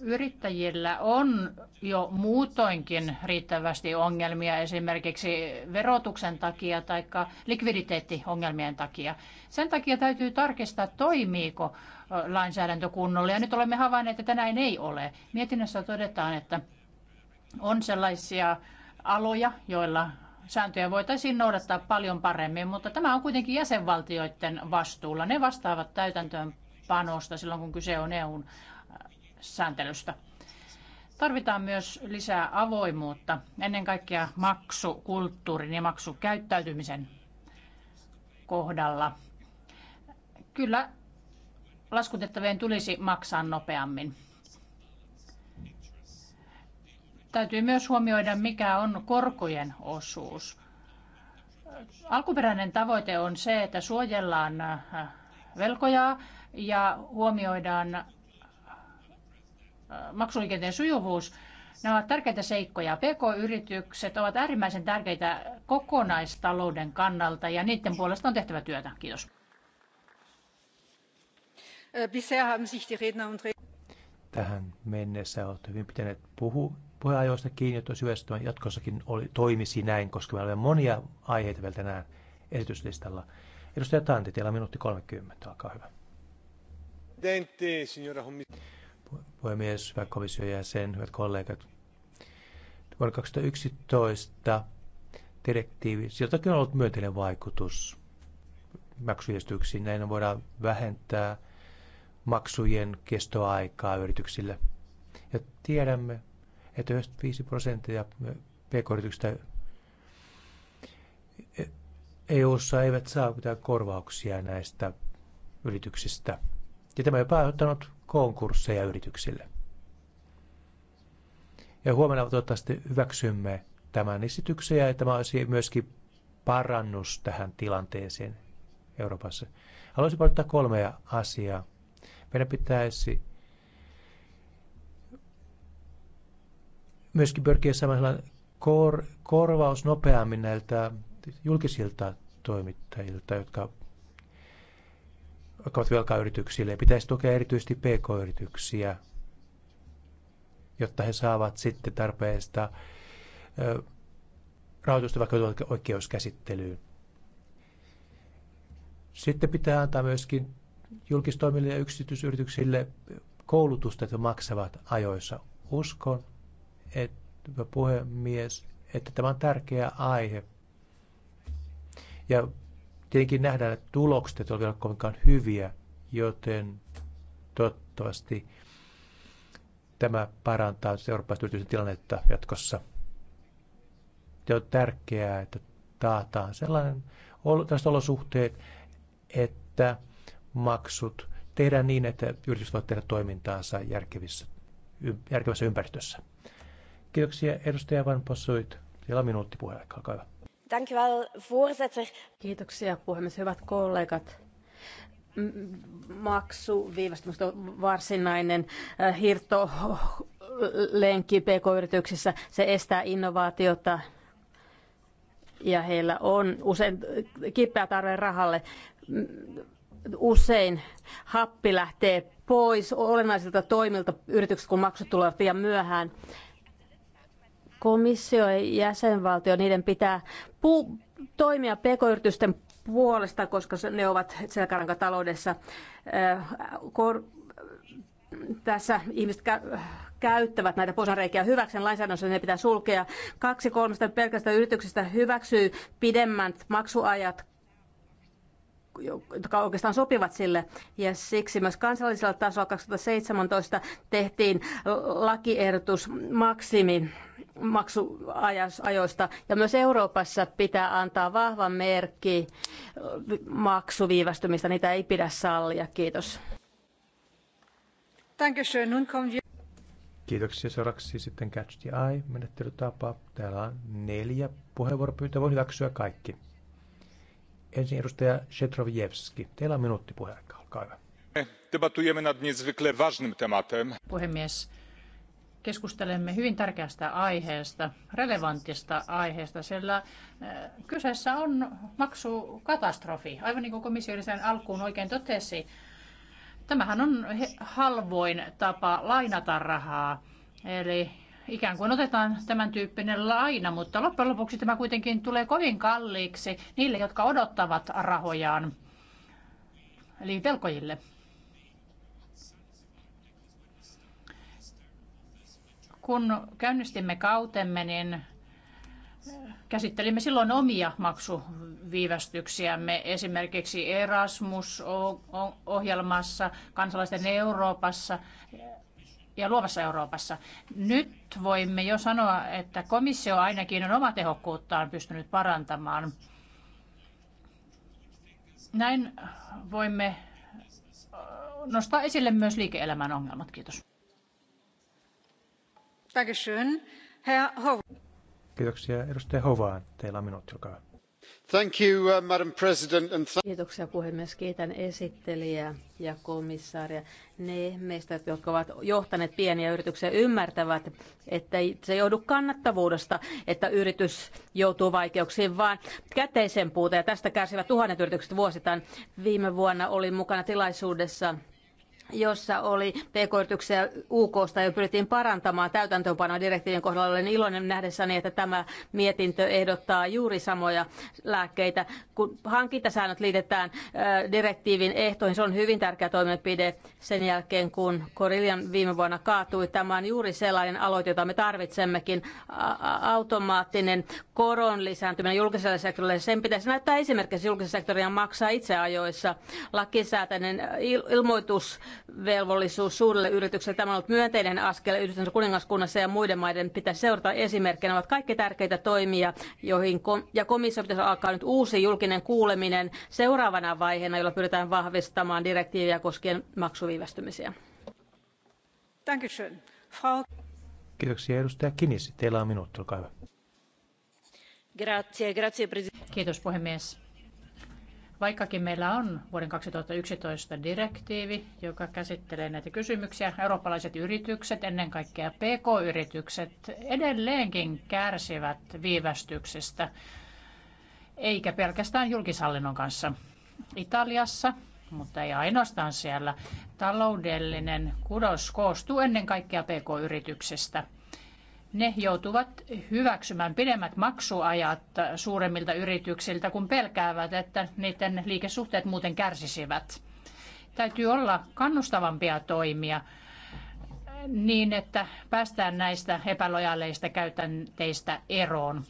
Yrittäjillä on jo muutoinkin riittävästi ongelmia esimerkiksi verotuksen takia tai likviditeettiongelmien takia. Sen takia täytyy tarkistaa, toimiiko lainsäädäntö kunnolla. Ja nyt olemme havainneet, että näin ei ole. Mietinnössä todetaan, että on sellaisia aloja, joilla sääntöjä voitaisiin noudattaa paljon paremmin, mutta tämä on kuitenkin jäsenvaltioiden vastuulla. Ne vastaavat täytäntöönpanosta silloin, kun kyse on EUn äh, sääntelystä. Tarvitaan myös lisää avoimuutta, ennen kaikkea maksukulttuurin ja maksukäyttäytymisen kohdalla. Kyllä laskutettavien tulisi maksaa nopeammin. Täytyy myös huomioida, mikä on korkojen osuus. Alkuperäinen tavoite on se, että suojellaan äh, velkojaa ja huomioidaan äh, maksuliikenteen sujuvuus. Nämä ovat tärkeitä seikkoja. PK-yritykset ovat äärimmäisen tärkeitä kokonaistalouden kannalta ja niiden puolesta on tehtävä työtä. Kiitos. Äh, Tähän mennessä olet hyvin pitäneet puhu. puheajoista kiinni, että hyvä, jatkossakin oli, toimisi näin, koska meillä on monia aiheita vielä tänään esityslistalla. Edustaja Tanti, teillä on minuutti 30, alkaa hyvä. Puhemies, hyvä komission jäsen, hyvät kollegat. Vuonna 2011 direktiivi, siltäkin on ollut myönteinen vaikutus maksujärjestyksiin. Näin voidaan vähentää – maksujen kestoaikaa yrityksille. Ja tiedämme, että 95 prosenttia pk-yrityksistä EU-ssa eivät saa mitään korvauksia näistä yrityksistä. Ja tämä on päättänyt konkursseja yrityksille. Ja huomenna toivottavasti hyväksymme tämän esityksen ja tämä olisi myöskin parannus tähän tilanteeseen Euroopassa. Haluaisin painottaa kolmea asiaa. Meidän pitäisi myöskin pyrkiä saamaan kor, korvaus nopeammin näiltä julkisilta toimittajilta, jotka ovat velkaa yrityksille. Pitäisi tukea erityisesti pk-yrityksiä, jotta he saavat sitten tarpeesta rahoitusta vaikka oikeuskäsittelyyn. Sitten pitää antaa myöskin julkistoimille ja yksityisyrityksille koulutusta, että maksavat ajoissa. Uskon, että puhemies, että tämä on tärkeä aihe. Ja tietenkin nähdään, että tulokset eivät ole vielä kovinkaan hyviä, joten toivottavasti tämä parantaa eurooppalaisen yritysten tilannetta jatkossa. Ja on tärkeää, että taataan sellainen, olosuhteet, että maksut tehdään niin, että yritykset voivat tehdä toimintaansa järkevissä, järkevässä ympäristössä. Kiitoksia edustaja Van Possuit. Siellä on minuutti puheenjohtaja. Olkaa hyvä. Kiitoksia puhemies. Hyvät kollegat maksu on varsinainen äh, hirtolenkki pk-yrityksissä. Se estää innovaatiota ja heillä on usein kipeä tarve rahalle usein happi lähtee pois olennaisilta toimilta yrityksistä, kun maksut tulevat liian myöhään. Komissio ja jäsenvaltio, niiden pitää pu- toimia pk-yritysten puolesta, koska ne ovat selkärankataloudessa. Äh, kor- tässä ihmiset käyttävät näitä porsanreikiä hyväksen lainsäädännössä, ne pitää sulkea. Kaksi kolmesta pelkästä yrityksestä hyväksyy pidemmät maksuajat jotka oikeastaan sopivat sille. Ja siksi myös kansallisella tasolla 2017 tehtiin lakiehdotus maksimi maksuajoista. Ja myös Euroopassa pitää antaa vahva merkki maksuviivästymistä. Niitä ei pidä sallia. Kiitos. Kiitoksia. Seuraavaksi sitten Catch the Eye-menettelytapa. Täällä on neljä puheenvuoropyyntöä. Voi hyväksyä kaikki. Ensin edustaja Shetrovjevski. Teillä on minuutti puheenjohtaja, olkaa hyvä. debattujemme nad niezwykle ważnym tematem. Puhemies, keskustelemme hyvin tärkeästä aiheesta, relevantista aiheesta, sillä eh, kyseessä on maksukatastrofi. Aivan niin kuin komissio sen alkuun oikein totesi, tämähän on halvoin tapa lainata rahaa. Eli ikään kuin otetaan tämän tyyppinen laina, mutta loppujen lopuksi tämä kuitenkin tulee kovin kalliiksi niille, jotka odottavat rahojaan, eli velkojille. Kun käynnistimme kautemme, niin käsittelimme silloin omia maksuviivästyksiämme esimerkiksi Erasmus-ohjelmassa, kansalaisten Euroopassa ja luovassa Euroopassa. Nyt voimme jo sanoa, että komissio ainakin on oma tehokkuuttaan pystynyt parantamaan. Näin voimme nostaa esille myös liike-elämän ongelmat. Kiitos. Kiitoksia. Edustaja Hovaan, teillä on minuutti, olkaa Uh, madam president Kiitoksia puhemies. Kiitän esittelijää ja komissaaria. Ne meistä, jotka ovat johtaneet pieniä yrityksiä, ymmärtävät, että se johdu joudu kannattavuudesta, että yritys joutuu vaikeuksiin, vaan käteisen puute. Ja tästä kärsivät tuhannet yritykset vuosittain. Viime vuonna olin mukana tilaisuudessa jossa oli pk-yrityksiä UKsta ja pyrittiin parantamaan täytäntöönpanoa direktiivin kohdalla. Olen iloinen nähdessäni, että tämä mietintö ehdottaa juuri samoja lääkkeitä. Kun hankintasäännöt liitetään direktiivin ehtoihin, se on hyvin tärkeä toimenpide sen jälkeen, kun Korillian viime vuonna kaatui. Tämä on juuri sellainen aloite, jota me tarvitsemmekin. Automaattinen koron lisääntyminen julkisella sektorille. sen pitäisi näyttää esimerkiksi julkisen sektorin maksaa itse ajoissa. Lakisääteinen ilmoitus velvollisuus suurille yrityksille. Tämä on ollut myönteinen askel yhdessä kuningaskunnassa ja muiden maiden pitäisi seurata esimerkkinä. ovat kaikki tärkeitä toimia, joihin kom- ja komissio pitäisi alkaa nyt uusi julkinen kuuleminen seuraavana vaiheena, jolla pyritään vahvistamaan direktiiviä koskien maksuviivästymisiä. Kiitoksia edustaja Kinisi. Teillä on minuutti, olkaa hyvä. Grazie, grazie, Kiitos puhemies Vaikkakin meillä on vuoden 2011 direktiivi, joka käsittelee näitä kysymyksiä, eurooppalaiset yritykset, ennen kaikkea PK-yritykset, edelleenkin kärsivät viivästyksistä, eikä pelkästään julkishallinnon kanssa. Italiassa, mutta ei ainoastaan siellä, taloudellinen kudos koostuu ennen kaikkea PK-yrityksistä – ne joutuvat hyväksymään pidemmät maksuajat suuremmilta yrityksiltä, kun pelkäävät, että niiden liikesuhteet muuten kärsisivät. Täytyy olla kannustavampia toimia niin, että päästään näistä epälojaaleista käytänteistä eroon.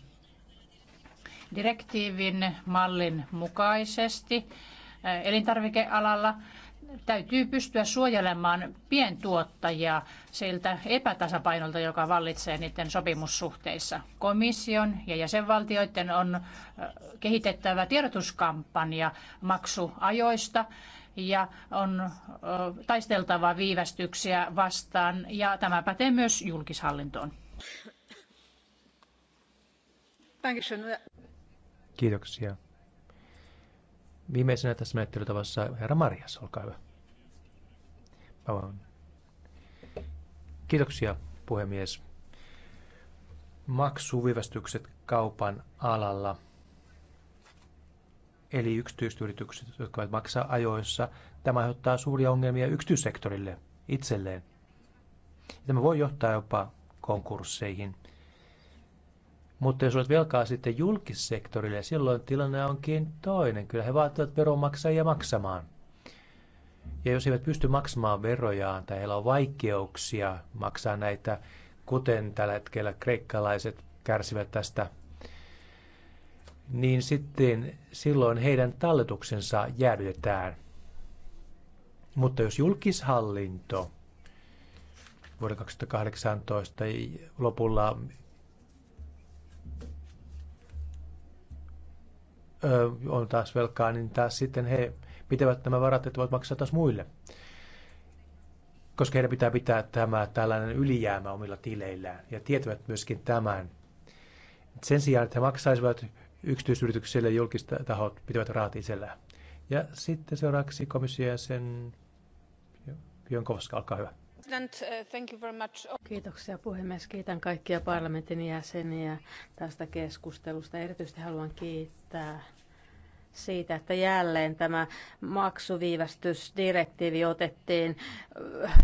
Direktiivin mallin mukaisesti elintarvikealalla täytyy pystyä suojelemaan pientuottajia siltä epätasapainolta, joka vallitsee niiden sopimussuhteissa. Komission ja jäsenvaltioiden on kehitettävä tiedotuskampanja maksuajoista ja on taisteltava viivästyksiä vastaan ja tämä pätee myös julkishallintoon. Kiitoksia. Viimeisenä tässä menettelytavassa herra Marjas, olkaa hyvä. Kiitoksia puhemies. Maksuviivästykset kaupan alalla. Eli yksityiset yritykset, jotka ovat maksaa ajoissa. Tämä aiheuttaa suuria ongelmia yksityissektorille itselleen. Tämä voi johtaa jopa konkursseihin. Mutta jos olet velkaa sitten julkissektorille, silloin tilanne onkin toinen. Kyllä he vaativat veronmaksajia maksamaan. Ja jos he eivät pysty maksamaan verojaan tai heillä on vaikeuksia maksaa näitä, kuten tällä hetkellä kreikkalaiset kärsivät tästä, niin sitten silloin heidän talletuksensa jäädytetään. Mutta jos julkishallinto vuoden 2018 lopulla on taas velkaa, niin taas sitten he pitävät nämä varat, että voivat maksaa taas muille. Koska heidän pitää pitää tämä tällainen ylijäämä omilla tileillään ja tietävät myöskin tämän. Sen sijaan, että he maksaisivat yksityisyrityksille julkista tahot pitävät rahat itsellään. Ja sitten seuraavaksi komission jäsen Jonkovska, olkaa hyvä. Uh, Kiitoksia puhemies. Kiitän kaikkia parlamentin jäseniä tästä keskustelusta. Erityisesti haluan kiittää siitä, että jälleen tämä maksuviivästysdirektiivi otettiin äh,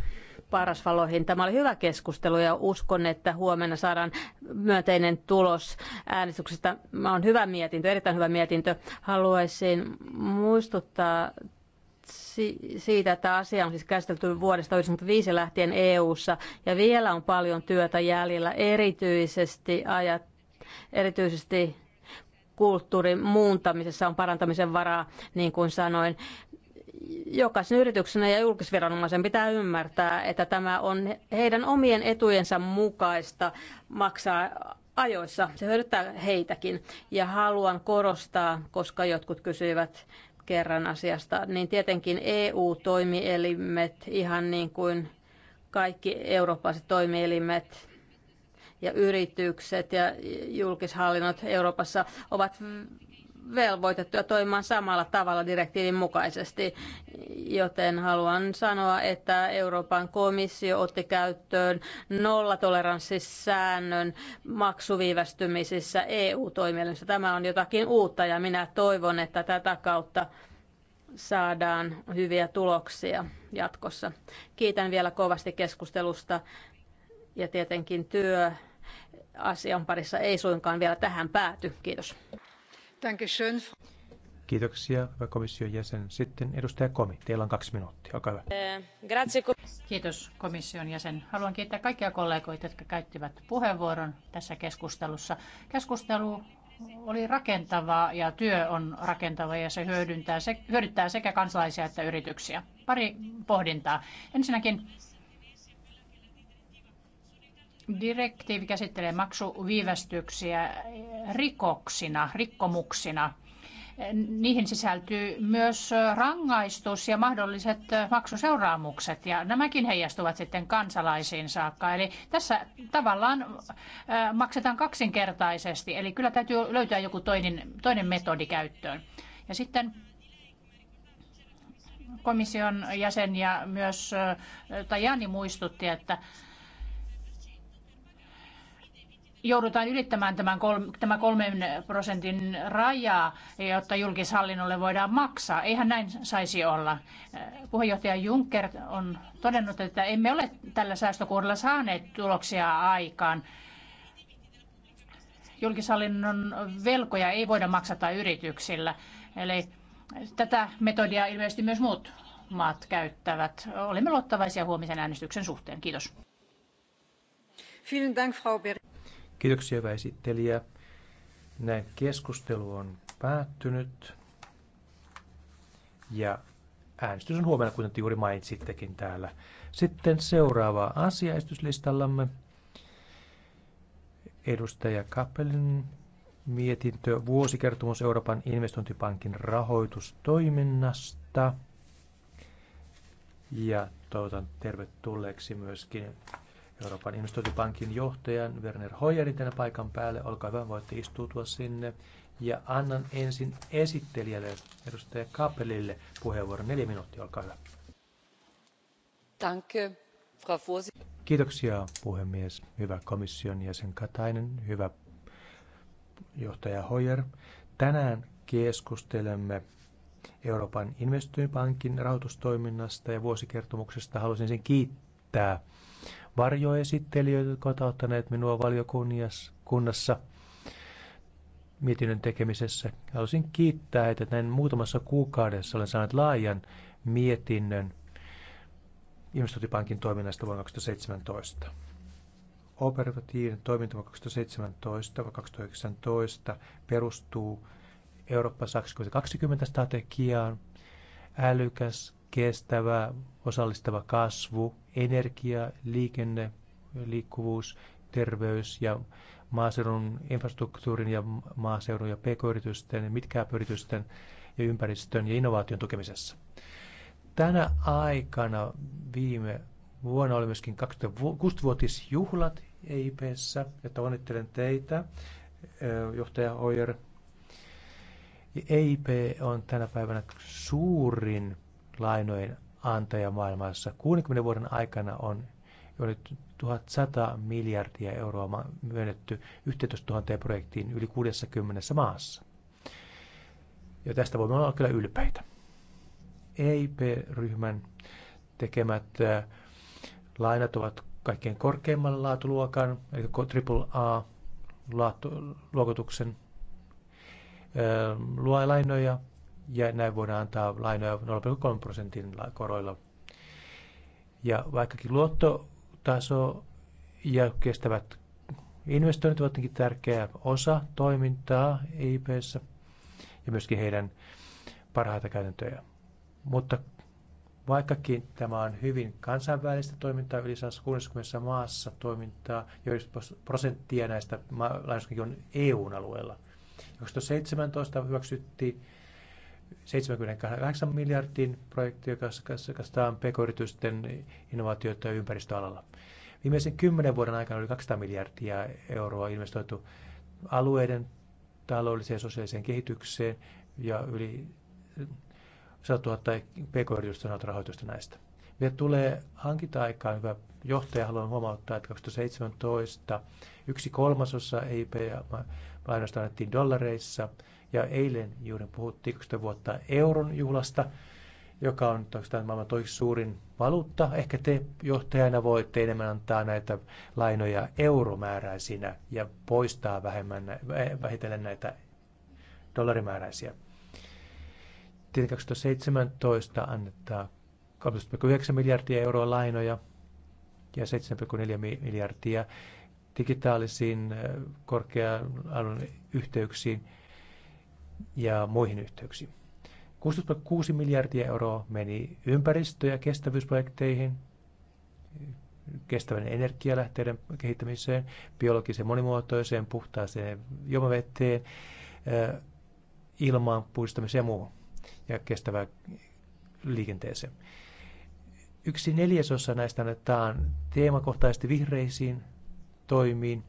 parasvaloihin. Tämä oli hyvä keskustelu ja uskon, että huomenna saadaan myönteinen tulos äänestyksestä. Mä on hyvä mietintö, erittäin hyvä mietintö. Haluaisin muistuttaa siitä, että asia on siis käsitelty vuodesta 1995 lähtien EU-ssa ja vielä on paljon työtä jäljellä, erityisesti, ajat, erityisesti kulttuurin muuntamisessa on parantamisen varaa, niin kuin sanoin. Jokaisen yrityksen ja julkisviranomaisen pitää ymmärtää, että tämä on heidän omien etujensa mukaista maksaa ajoissa. Se hyödyttää heitäkin. Ja haluan korostaa, koska jotkut kysyivät kerran asiasta, niin tietenkin EU-toimielimet, ihan niin kuin kaikki eurooppalaiset toimielimet ja yritykset ja julkishallinnot Euroopassa ovat velvoitettuja toimimaan samalla tavalla direktiivin mukaisesti, joten haluan sanoa, että Euroopan komissio otti käyttöön nollatoleranssisäännön maksuviivästymisissä EU-toimielimissä. Tämä on jotakin uutta ja minä toivon, että tätä kautta saadaan hyviä tuloksia jatkossa. Kiitän vielä kovasti keskustelusta ja tietenkin työ asian parissa ei suinkaan vielä tähän pääty. Kiitos. Kiitoksia, hyvä komission jäsen. Sitten edustaja Komi, teillä on kaksi minuuttia, olkaa hyvä. Eh, Kiitos komission jäsen. Haluan kiittää kaikkia kollegoita, jotka käyttivät puheenvuoron tässä keskustelussa. Keskustelu oli rakentavaa ja työ on rakentava ja se hyödyntää, se hyödyttää sekä kansalaisia että yrityksiä. Pari pohdintaa. Ensinnäkin Direktiivi käsittelee maksuviivästyksiä rikoksina, rikkomuksina. Niihin sisältyy myös rangaistus ja mahdolliset maksuseuraamukset, ja nämäkin heijastuvat sitten kansalaisiin saakka. Eli tässä tavallaan maksetaan kaksinkertaisesti, eli kyllä täytyy löytää joku toinen, toinen metodi käyttöön. Ja sitten komission jäsen ja myös Tajani muistutti, että joudutaan ylittämään tämän kolme, tämä kolmen prosentin raja, jotta julkishallinnolle voidaan maksaa. Eihän näin saisi olla. Puheenjohtaja Juncker on todennut, että emme ole tällä säästökuudella saaneet tuloksia aikaan. Julkishallinnon velkoja ei voida maksata yrityksillä. Eli tätä metodia ilmeisesti myös muut maat käyttävät. Olemme luottavaisia huomisen äänestyksen suhteen. Kiitos. Vielen Dank, Frau Kiitoksia hyvä esittelijä. Näin keskustelu on päättynyt. Ja äänestys on huomenna, kuten juuri mainitsittekin täällä. Sitten seuraava asia esityslistallamme. Edustaja Kappelin mietintö vuosikertomus Euroopan investointipankin rahoitustoiminnasta. Ja toivotan tervetulleeksi myöskin Euroopan investointipankin johtajan Werner Hoyerin tänne paikan päälle. Olkaa hyvä, voitte istuutua sinne. Ja annan ensin esittelijälle, edustaja Kapelille, puheenvuoron. Neljä minuuttia, olkaa hyvä. Danke, Frau Kiitoksia, puhemies. Hyvä komission jäsen Katainen, hyvä johtaja Hoyer. Tänään keskustelemme Euroopan investointipankin rahoitustoiminnasta ja vuosikertomuksesta. Haluaisin sen kiittää varjoesittelijöitä, jotka ovat auttaneet minua valiokunnassa mietinnön tekemisessä. Haluaisin kiittää, että näin muutamassa kuukaudessa olen saanut laajan mietinnön investointipankin toiminnasta vuonna 2017. Operatiivinen toiminta vuonna 2017-2019 perustuu Eurooppa 2020 strategiaan, älykäs, kestävä, osallistava kasvu – energia, liikenne, liikkuvuus, terveys ja maaseudun infrastruktuurin ja maaseudun ja pk-yritysten, mitkä-yritysten ja ympäristön ja innovaation tukemisessa. Tänä aikana viime vuonna oli myöskin 26-vuotisjuhlat EIPssä, että onnittelen teitä, johtaja Hoyer. EIP on tänä päivänä suurin lainojen antaja maailmassa. 60 vuoden aikana on oli 1100 miljardia euroa myönnetty 11 000 projektiin yli 60 maassa. Ja tästä voimme olla kyllä ylpeitä. EIP-ryhmän tekemät lainat ovat kaikkein korkeimman laatuluokan, eli AAA-luokotuksen lainoja ja näin voidaan antaa lainoja 0,3 prosentin koroilla. Ja vaikkakin luottotaso ja kestävät investoinnit ovat tärkeä osa toimintaa IPssä ja myöskin heidän parhaita käytäntöjä. Mutta vaikkakin tämä on hyvin kansainvälistä toimintaa, yli 160 maassa toimintaa, joista prosenttia näistä lainoista on EUn alueella. 2017 hyväksyttiin 78 miljardin projekti, joka kasvattaa pk-yritysten innovaatioita ympäristöalalla. Viimeisen kymmenen vuoden aikana oli 200 miljardia euroa investoitu alueiden taloudelliseen ja sosiaaliseen kehitykseen ja yli 100 000 pk-yritystä saanut rahoitusta näistä. Mitä tulee hankinta-aikaan, hyvä johtaja, haluan huomauttaa, että 2017 yksi kolmasosa EIP ainoastaan annettiin dollareissa. Ja eilen juuri puhuttiin 20 vuotta euron juhlasta, joka on oikeastaan maailman toiseksi suurin valuutta. Ehkä te johtajana voitte enemmän antaa näitä lainoja euromääräisinä ja poistaa vähemmän, vähitellen näitä dollarimääräisiä. Tietenkin 2017 annetaan 3,9 miljardia euroa lainoja ja 7,4 miljardia digitaalisiin äh, korkean yhteyksiin ja muihin yhteyksiin. 6,6 miljardia euroa meni ympäristö- ja kestävyysprojekteihin, kestävän energialähteiden kehittämiseen, biologiseen monimuotoiseen, puhtaaseen juomaveteen, äh, ilmaan puistamiseen ja muuhun ja kestävään liikenteeseen. Yksi neljäsosa näistä annetaan teemakohtaisesti vihreisiin toimiin.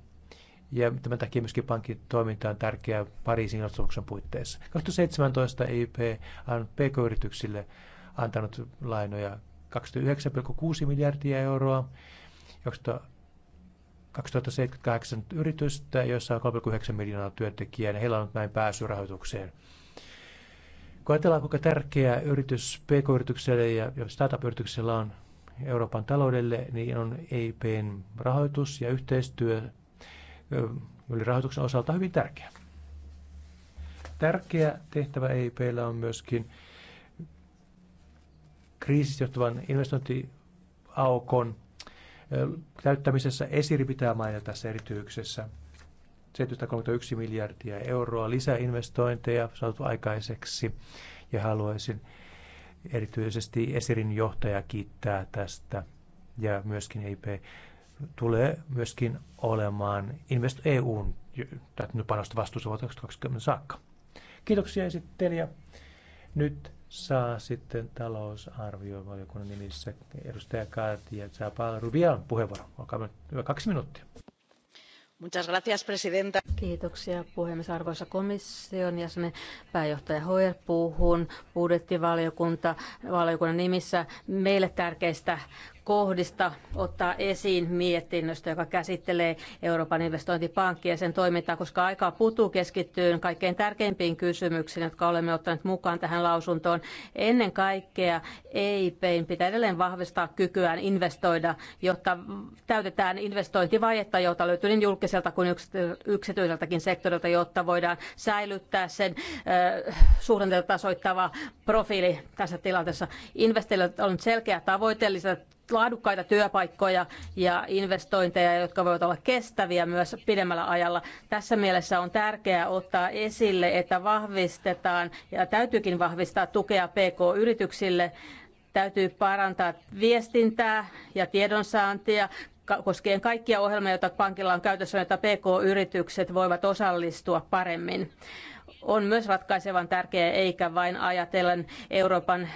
Ja tämän takia myöskin pankin toiminta on tärkeää Pariisin ilmastosopimuksen puitteissa. 2017 EIP on pk-yrityksille antanut lainoja 29,6 miljardia euroa, 2078 yritystä, joissa on 3,9 miljoonaa työntekijää, ja niin heillä on näin pääsy rahoitukseen. Kun ajatellaan, kuinka tärkeää yritys pk-yritykselle ja startup-yrityksellä on Euroopan taloudelle, niin on EIPn rahoitus ja yhteistyö yli rahoituksen osalta hyvin tärkeä. Tärkeä tehtävä EIPllä on myöskin kriisistä johtuvan investointiaukon täyttämisessä esiri pitää mainita tässä erityyksessä. 731 miljardia euroa lisäinvestointeja saatu aikaiseksi ja haluaisin Erityisesti Esirin johtaja kiittää tästä ja myöskin EIP tulee myöskin olemaan Invest EUn panosta vastuussa vuoteen 2020 saakka. Kiitoksia esittelijä. Nyt saa sitten talousarviovaliokunnan nimissä edustaja ja Zapal Rubian puheenvuoro. Olkaa hyvä, kaksi minuuttia. Presidenta. Kiitoksia puhemies. Arvoisa komission jäsen pääjohtaja Hoyer puhun budjettivaliokunta valiokunnan nimissä meille tärkeistä kohdista ottaa esiin mietinnöstä, joka käsittelee Euroopan investointipankkia ja sen toimintaa, koska aika putuu keskittyyn kaikkein tärkeimpiin kysymyksiin, jotka olemme ottaneet mukaan tähän lausuntoon. Ennen kaikkea EIPin pitää edelleen vahvistaa kykyään investoida, jotta täytetään investointivajetta, jota löytyy niin julkiselta kuin yksityiseltäkin sektorilta, jotta voidaan säilyttää sen äh, suhdanteelta tasoittava profiili tässä tilanteessa. Investoijilla on selkeä tavoite lisätä laadukkaita työpaikkoja ja investointeja, jotka voivat olla kestäviä myös pidemmällä ajalla. Tässä mielessä on tärkeää ottaa esille, että vahvistetaan ja täytyykin vahvistaa tukea PK-yrityksille. Täytyy parantaa viestintää ja tiedonsaantia koskien kaikkia ohjelmia, joita pankilla on käytössä, jotta PK-yritykset voivat osallistua paremmin on myös ratkaisevan tärkeä, eikä vain ajatellen Euroopan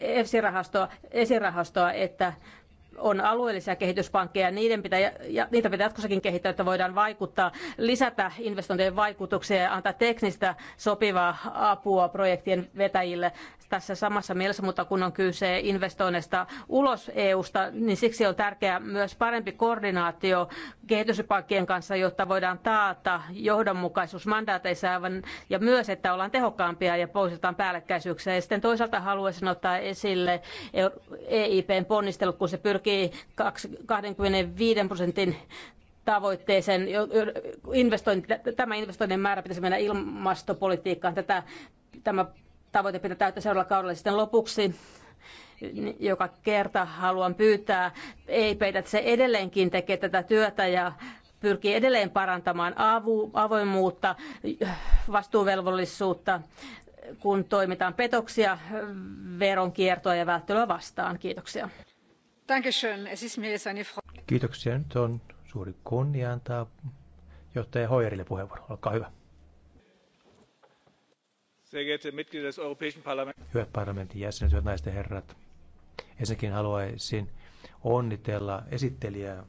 esirahastoa, e esirahastoa että on alueellisia kehityspankkeja, niiden pitää, ja niitä pitää jatkossakin kehittää, että voidaan vaikuttaa, lisätä investointien vaikutuksia ja antaa teknistä sopivaa apua projektien vetäjille tässä samassa mielessä, mutta kun on kyse investoinnista ulos EUsta, niin siksi on tärkeää myös parempi koordinaatio kehityspankkien kanssa, jotta voidaan taata johdonmukaisuus mandaateissa ja myös, että ollaan tehokkaampia ja poistetaan päällekkäisyyksiä. Ja sitten toisaalta haluaisin ottaa esille EIPn ponnistelut, kun se pyrkii pyrkii 25 prosentin tavoitteeseen. Investointi, tämä investoinnin määrä pitäisi mennä ilmastopolitiikkaan. Tätä, tämä tavoite pitää täyttää seuraavalla kaudella sitten lopuksi joka kerta haluan pyytää ei peitä, se edelleenkin tekee tätä työtä ja pyrkii edelleen parantamaan avu, avoimuutta, vastuuvelvollisuutta, kun toimitaan petoksia, veronkiertoa ja välttelyä vastaan. Kiitoksia. Kiitoksia. Nyt on suuri kunnia antaa johtaja Hoyerille puheenvuoro. Olkaa hyvä. Hyvät parlamentin jäsenet, hyvät naisten herrat. Ensinnäkin haluaisin onnitella esittelijää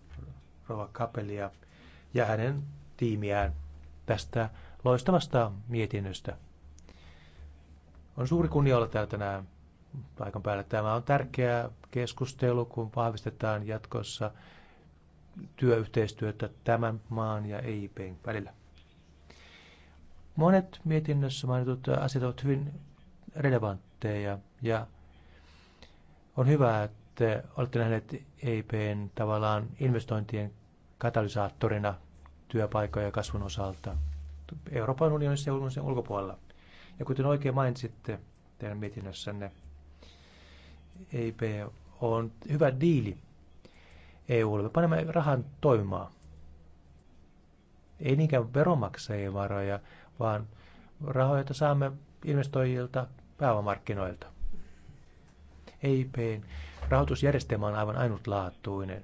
Rova Kapelia ja hänen tiimiään tästä loistavasta mietinnöstä. On suuri kunnia olla täällä tänään paikan päällä. Tämä on tärkeää keskustelu, kun vahvistetaan jatkossa työyhteistyötä tämän maan ja EIPn välillä. Monet mietinnössä mainitut asiat ovat hyvin relevantteja ja on hyvä, että olette nähneet EIPn tavallaan investointien katalysaattorina työpaikoja ja kasvun osalta Euroopan unionissa ja unionin ulkopuolella. Ja kuten oikein mainitsitte teidän mietinnössänne, EIP on hyvä diili EUlle. Me panemme rahan toimimaan. Ei niinkään veronmaksajien varoja, vaan rahoja, joita saamme investoijilta, pääomamarkkinoilta. EIPn rahoitusjärjestelmä on aivan ainutlaatuinen.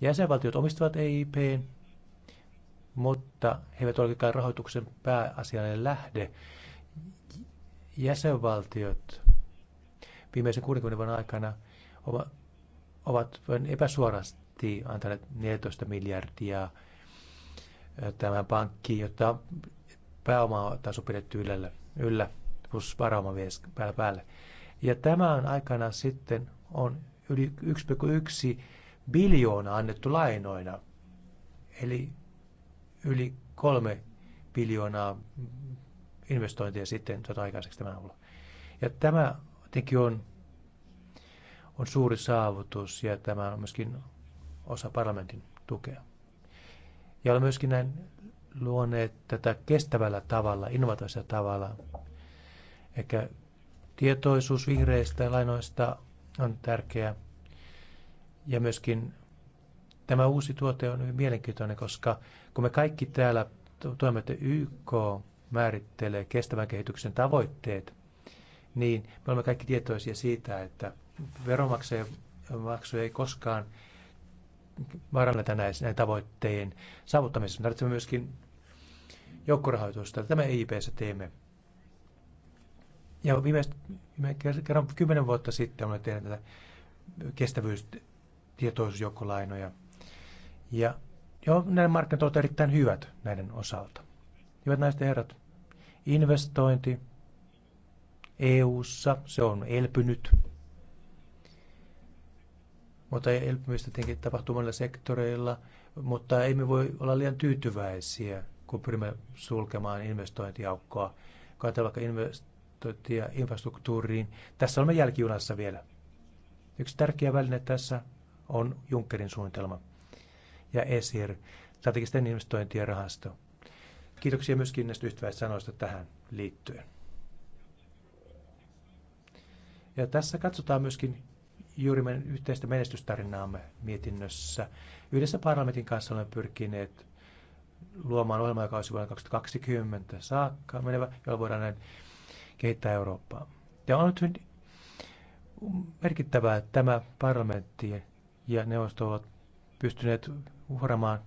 Jäsenvaltiot omistavat EIPn, mutta he eivät olekaan rahoituksen pääasiallinen lähde. Jäsenvaltiot viimeisen 60 vuoden aikana – ovat vain epäsuorasti antaneet 14 miljardia tämän pankkiin, jotta pääomaa taso pidetty yllä, yllä plus varauma päällä päälle. Ja tämän aikana sitten on yli 1,1 biljoona annettu lainoina, eli yli kolme biljoonaa investointia sitten aikaiseksi tämän avulla. Ja tämä tietenkin on on suuri saavutus ja tämä on myöskin osa parlamentin tukea. Ja olemme myöskin näin luoneet tätä kestävällä tavalla, innovatiivisella tavalla. Ehkä tietoisuus vihreistä lainoista on tärkeä. Ja myöskin tämä uusi tuote on hyvin mielenkiintoinen, koska kun me kaikki täällä toimme, että YK määrittelee kestävän kehityksen tavoitteet, niin me olemme kaikki tietoisia siitä, että veronmaksujen maksu ei koskaan varanneta näin tavoitteen saavuttamisessa. Me tarvitsemme myöskin joukkorahoitusta. Tämä EIPssä teemme. Ja viimeistä, kerran kymmenen vuotta sitten olen tehnyt tätä kestävyystietoisuusjoukkolainoja. Ja joo, näiden markkinat ovat erittäin hyvät näiden osalta. Hyvät naiset ja herrat, investointi EU-ssa, se on elpynyt mutta elpymistä tietenkin tapahtuu monilla sektoreilla, mutta ei me voi olla liian tyytyväisiä, kun pyrimme sulkemaan investointiaukkoa. Katsotaan vaikka investointia infrastruktuuriin. Tässä olemme jälkijunassa vielä. Yksi tärkeä väline tässä on Junckerin suunnitelma ja ESIR, strategisten investointien rahasto. Kiitoksia myöskin näistä yhtäväistä sanoista tähän liittyen. Ja tässä katsotaan myöskin juuri meidän yhteistä menestystarinaamme mietinnössä. Yhdessä parlamentin kanssa olemme pyrkineet luomaan ohjelmakausi vuonna 2020 saakka menevä, jolla voidaan näin kehittää Eurooppaa. Ja on nyt merkittävää, että tämä parlamentti ja neuvosto ovat pystyneet uhramaan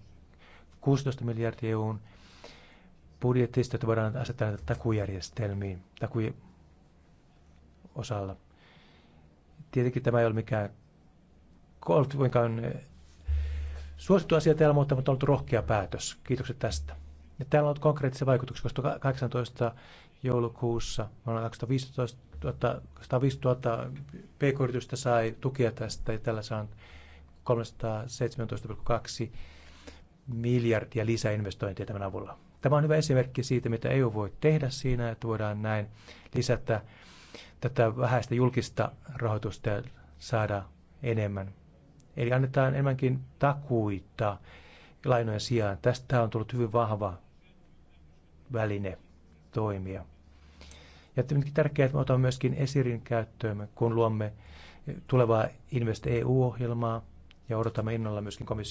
16 miljardia EUn budjettista, että voidaan asettaa näitä takujärjestelmiin, takujen osalla. Tietenkin tämä ei ole mikään ollut eh, suosittu asia täällä, mutta on ollut rohkea päätös. Kiitokset tästä. Ja täällä on ollut konkreettisia vaikutuksia, koska 18 joulukuussa vuonna 2015 105 000 pk-yritystä sai tukia tästä ja tällä saan 317,2 miljardia lisäinvestointia tämän avulla. Tämä on hyvä esimerkki siitä, mitä EU voi tehdä siinä, että voidaan näin lisätä tätä vähäistä julkista rahoitusta ja saada enemmän. Eli annetaan enemmänkin takuita lainojen sijaan. Tästä on tullut hyvin vahva väline toimia. Ja tietenkin tärkeää, että me otamme myöskin esirin käyttöön, kun luomme tulevaa Invest EU-ohjelmaa ja odotamme innolla myöskin komissio.